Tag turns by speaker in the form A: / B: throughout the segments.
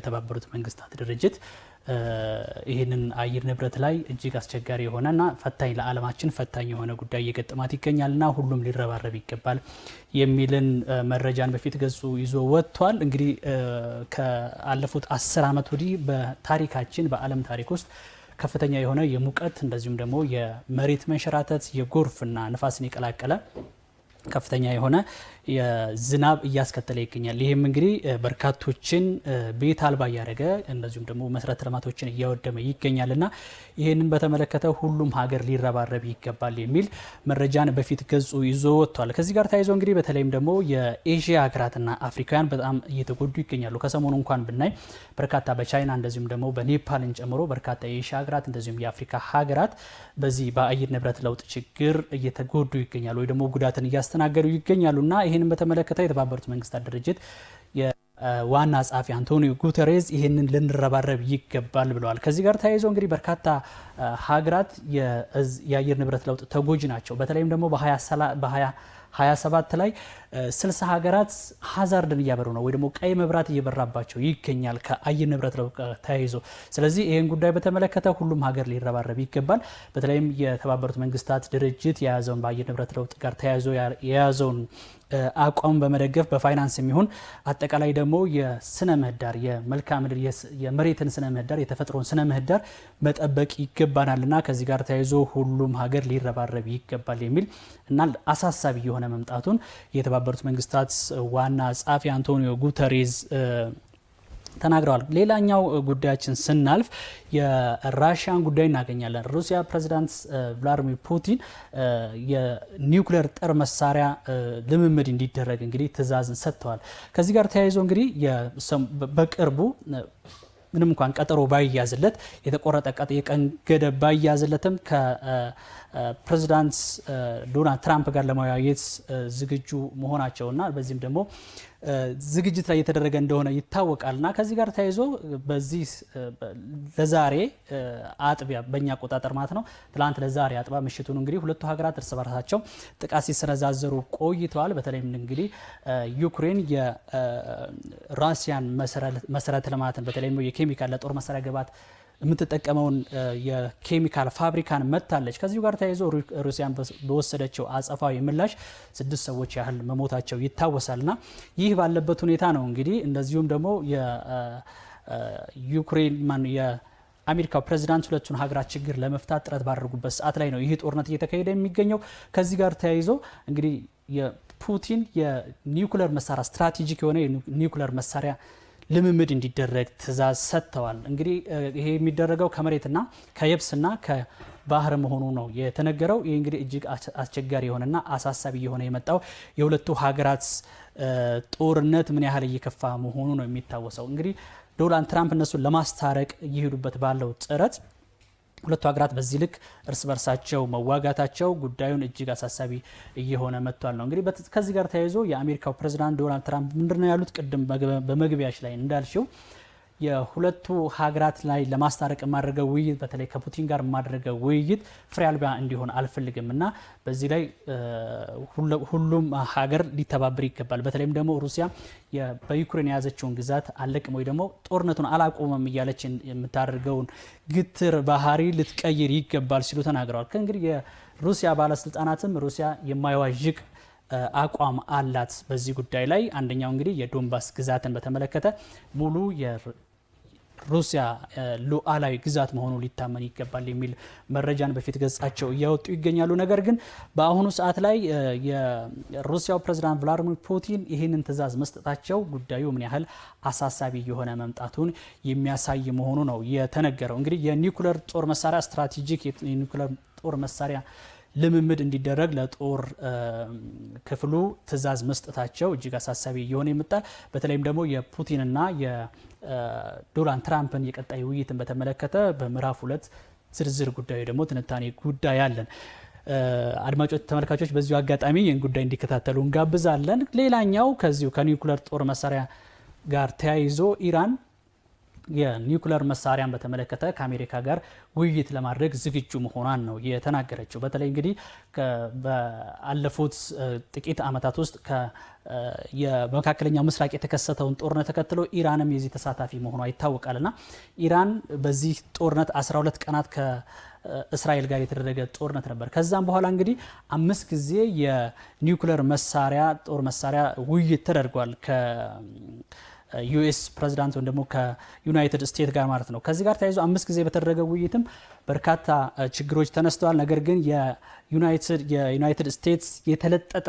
A: የተባበሩት መንግስታት ድርጅት ይህንን አየር ንብረት ላይ እጅግ አስቸጋሪ የሆነና ፈታኝ ለዓለማችን ፈታኝ የሆነ ጉዳይ እየገጠማት ይገኛልና ሁሉም ሊረባረብ ይገባል የሚልን መረጃን በፊት ገጹ ይዞ ወጥቷል። እንግዲህ ከአለፉት አስር ዓመት ወዲህ በታሪካችን በዓለም ታሪክ ውስጥ ከፍተኛ የሆነ የሙቀት እንደዚሁም ደግሞ የመሬት መንሸራተት የጎርፍና ንፋስን የቀላቀለ ከፍተኛ የሆነ ዝናብ እያስከተለ ይገኛል። ይህም እንግዲህ በርካቶችን ቤት አልባ እያደረገ እንደዚሁም ደግሞ መሰረተ ልማቶችን እያወደመ ይገኛል እና ይህንን በተመለከተ ሁሉም ሀገር ሊረባረብ ይገባል የሚል መረጃን በፊት ገጹ ይዞ ወጥቷል። ከዚህ ጋር ተያይዞ እንግዲህ በተለይም ደግሞ የኤዥያ ሀገራትና አፍሪካውያን በጣም እየተጎዱ ይገኛሉ። ከሰሞኑ እንኳን ብናይ በርካታ በቻይና እንደዚሁም ደግሞ በኔፓልን ጨምሮ በርካታ የኤዥያ ሀገራት እንደዚሁም የአፍሪካ ሀገራት በዚህ በአየር ንብረት ለውጥ ችግር እየተጎዱ ይገኛሉ ወይ ደግሞ ጉዳትን እያስተናገዱ ይገኛሉ እና ይህንን በተመለከተ የተባበሩት መንግስታት ድርጅት ዋና ጸሐፊ አንቶኒዮ ጉተሬዝ ይህንን ልንረባረብ ይገባል ብለዋል። ከዚህ ጋር ተያይዞ እንግዲህ በርካታ ሀገራት የአየር ንብረት ለውጥ ተጎጂ ናቸው። በተለይም ደግሞ በ 27 ላይ ስልሳ ሀገራት ሀዛርድን እያበሩ ነው ወይ ደግሞ ቀይ መብራት እየበራባቸው ይገኛል ከአየር ንብረት ለውጥ ተያይዞ። ስለዚህ ይህን ጉዳይ በተመለከተ ሁሉም ሀገር ሊረባረብ ይገባል። በተለይም የተባበሩት መንግስታት ድርጅት የያዘውን በአየር ንብረት ለውጥ ጋር ተያይዞ የያዘውን አቋም በመደገፍ በፋይናንስ የሚሆን አጠቃላይ ደግሞ የስነ ምህዳር የመልክዓ ምድር የመሬትን ስነ ምህዳር የተፈጥሮን ስነ ምህዳር መጠበቅ ይገባናል እና ከዚህ ጋር ተያይዞ ሁሉም ሀገር ሊረባረብ ይገባል የሚል እና አሳሳቢ የሆነ መምጣቱን የተባበሩት መንግስታት ዋና ጸሐፊ አንቶኒዮ ጉተሬዝ ተናግረዋል። ሌላኛው ጉዳያችን ስናልፍ የራሽያን ጉዳይ እናገኛለን። ሩሲያ ፕሬዚዳንት ቭላድሚር ፑቲን የኒውክሌር ጦር መሳሪያ ልምምድ እንዲደረግ እንግዲህ ትዕዛዝን ሰጥተዋል። ከዚህ ጋር ተያይዞ እንግዲህ በቅርቡ ምንም እንኳን ቀጠሮ ባይያዝለት የተቆረጠ የቀን ገደብ ባይያዝለትም ከፕሬዚዳንት ዶናልድ ትራምፕ ጋር ለመወያየት ዝግጁ መሆናቸውና በዚህም ደግሞ ዝግጅት ላይ እየተደረገ እንደሆነ ይታወቃል እና ከዚህ ጋር ተያይዞ በዚህ ለዛሬ አጥቢያ በእኛ አቆጣጠር ማለት ነው ትላንት ለዛሬ አጥቢያ ምሽቱን እንግዲህ ሁለቱ ሀገራት እርስ በርሳቸው ጥቃት ሲሰነዛዘሩ ቆይተዋል። በተለይም እንግዲህ ዩክሬን የራሲያን መሰረተ ልማትን በተለይም የኬሚካል ለጦር መሳሪያ ግባት። የምትጠቀመውን የኬሚካል ፋብሪካን መታለች። ከዚሁ ጋር ተያይዞ ሩሲያን በወሰደችው አጸፋዊ ምላሽ ስድስት ሰዎች ያህል መሞታቸው ና ይህ ባለበት ሁኔታ ነው እንግዲህ እንደዚሁም ደግሞ የዩክሬን አሜሪካው ፕሬዚዳንት ሁለቱን ሀገራት ችግር ለመፍታት ጥረት ባደረጉበት ሰዓት ላይ ነው ይህ ጦርነት እየተካሄደ የሚገኘው። ከዚህ ጋር ተያይዞ እንግዲህ የፑቲን የኒውክለር መሳሪያ ስትራቴጂክ የሆነ የኒውክለር መሳሪያ ልምምድ እንዲደረግ ትዕዛዝ ሰጥተዋል። እንግዲህ ይሄ የሚደረገው ከመሬትና ከየብስና ከባህር መሆኑ ነው የተነገረው። ይህ እንግዲህ እጅግ አስቸጋሪ የሆነና አሳሳቢ የሆነ የመጣው የሁለቱ ሀገራት ጦርነት ምን ያህል እየከፋ መሆኑ ነው የሚታወሰው። እንግዲህ ዶናልድ ትራምፕ እነሱን ለማስታረቅ እየሄዱበት ባለው ጥረት ሁለቱ ሀገራት በዚህ ልክ እርስ በርሳቸው መዋጋታቸው ጉዳዩን እጅግ አሳሳቢ እየሆነ መጥቷል ነው እንግዲህ ከዚህ ጋር ተያይዞ የአሜሪካው ፕሬዚዳንት ዶናልድ ትራምፕ ምንድን ነው ያሉት? ቅድም በመግቢያሽ ላይ እንዳልሽው የሁለቱ ሀገራት ላይ ለማስታረቅ የማደርገው ውይይት በተለይ ከፑቲን ጋር የማድረገው ውይይት ፍሬ አልባ እንዲሆን አልፈልግም እና በዚህ ላይ ሁሉም ሀገር ሊተባበር ይገባል። በተለይም ደግሞ ሩሲያ በዩክሬን የያዘችውን ግዛት አለቅም ወይ ደግሞ ጦርነቱን አላቆመም እያለች የምታደርገውን ግትር ባህሪ ልትቀይር ይገባል ሲሉ ተናግረዋል። ከእንግዲህ የሩሲያ ባለስልጣናትም ሩሲያ የማይዋዥቅ አቋም አላት በዚህ ጉዳይ ላይ አንደኛው እንግዲህ የዶንባስ ግዛትን በተመለከተ ሙሉ ሩሲያ ሉዓላዊ ግዛት መሆኑ ሊታመን ይገባል የሚል መረጃን በፊት ገጻቸው እያወጡ ይገኛሉ። ነገር ግን በአሁኑ ሰዓት ላይ የሩሲያው ፕሬዚዳንት ቭላዲሚር ፑቲን ይህንን ትዕዛዝ መስጠታቸው ጉዳዩ ምን ያህል አሳሳቢ የሆነ መምጣቱን የሚያሳይ መሆኑ ነው የተነገረው። እንግዲህ የኒኩለር ጦር መሳሪያ ስትራቴጂክ የኒኩለር ጦር መሳሪያ ልምምድ እንዲደረግ ለጦር ክፍሉ ትዕዛዝ መስጠታቸው እጅግ አሳሳቢ እየሆነ ይመጣል። በተለይም ደግሞ የፑቲንና የዶናልድ ትራምፕን የቀጣይ ውይይትን በተመለከተ በምዕራፍ ሁለት ዝርዝር ጉዳዩ ደግሞ ትንታኔ ጉዳይ አለን። አድማጮች ተመልካቾች፣ በዚሁ አጋጣሚ ይህን ጉዳይ እንዲከታተሉ እንጋብዛለን። ሌላኛው ከዚሁ ከኒውክለር ጦር መሳሪያ ጋር ተያይዞ ኢራን የኒውክለር መሳሪያን በተመለከተ ከአሜሪካ ጋር ውይይት ለማድረግ ዝግጁ መሆኗን ነው የተናገረችው። በተለይ እንግዲህ በአለፉት ጥቂት ዓመታት ውስጥ የመካከለኛው ምስራቅ የተከሰተውን ጦርነት ተከትሎ ኢራንም የዚህ ተሳታፊ መሆኗ ይታወቃልና ኢራን በዚህ ጦርነት 12 ቀናት ከእስራኤል ጋር የተደረገ ጦርነት ነበር። ከዛም በኋላ እንግዲህ አምስት ጊዜ የኒውክለር መሳሪያ ጦር መሳሪያ ውይይት ተደርጓል። ከዩኤስ ፕሬዚዳንት ወይም ደግሞ ከዩናይትድ ስቴትስ ጋር ማለት ነው። ከዚህ ጋር ተያይዞ አምስት ጊዜ በተደረገ ውይይትም በርካታ ችግሮች ተነስተዋል። ነገር ግን የዩናይትድ ስቴትስ የተለጠጠ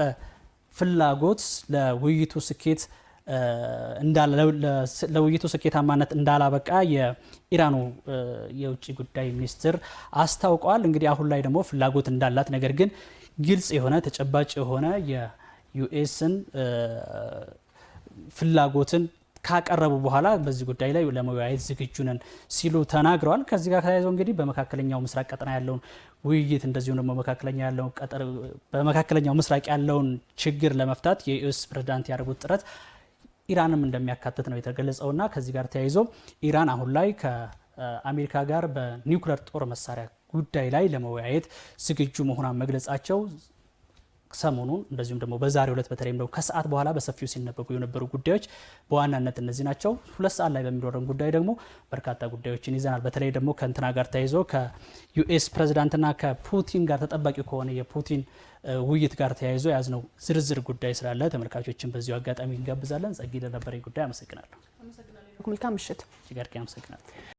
A: ፍላጎት ለውይይቱ ስኬት ለውይይቱ ስኬታማነት እንዳላበቃ የኢራኑ የውጭ ጉዳይ ሚኒስትር አስታውቋል። እንግዲህ አሁን ላይ ደግሞ ፍላጎት እንዳላት ነገር ግን ግልጽ የሆነ ተጨባጭ የሆነ የዩኤስን ፍላጎትን ካቀረቡ በኋላ በዚህ ጉዳይ ላይ ለመወያየት ዝግጁ ነን ሲሉ ተናግረዋል። ከዚህ ጋር ተያይዘው እንግዲህ በመካከለኛው ምስራቅ ቀጠና ያለውን ውይይት እንደዚሁም ደግሞ በመካከለኛው ምስራቅ ያለውን ችግር ለመፍታት የዩኤስ ፕሬዚዳንት ያደርጉት ጥረት ኢራንም እንደሚያካትት ነው ና ከዚህ ጋር ተያይዞ ኢራን አሁን ላይ ከአሜሪካ ጋር በኒውክለር ጦር መሳሪያ ጉዳይ ላይ ለመወያየት ዝግጁ መሆኗን መግለጻቸው ሰሞኑን እንደዚሁም ደግሞ በዛሬው ዕለት በተለይም ደግሞ ከሰዓት በኋላ በሰፊው ሲነበቡ የነበሩ ጉዳዮች በዋናነት እነዚህ ናቸው። ሁለት ሰዓት ላይ በሚኖረን ጉዳይ ደግሞ በርካታ ጉዳዮችን ይዘናል። በተለይ ደግሞ ከእንትና ጋር ተያይዞ ከዩኤስ ፕሬዚዳንትና ከፑቲን ጋር ተጠባቂ ከሆነ የፑቲን ውይይት ጋር ተያይዞ የያዝነው ዝርዝር ጉዳይ ስላለ ተመልካቾችን በዚሁ አጋጣሚ እንጋብዛለን። ጸጊ ለነበረኝ ጉዳይ አመሰግናለሁ።
B: መልካም ምሽት ጋር አመሰግናለሁ።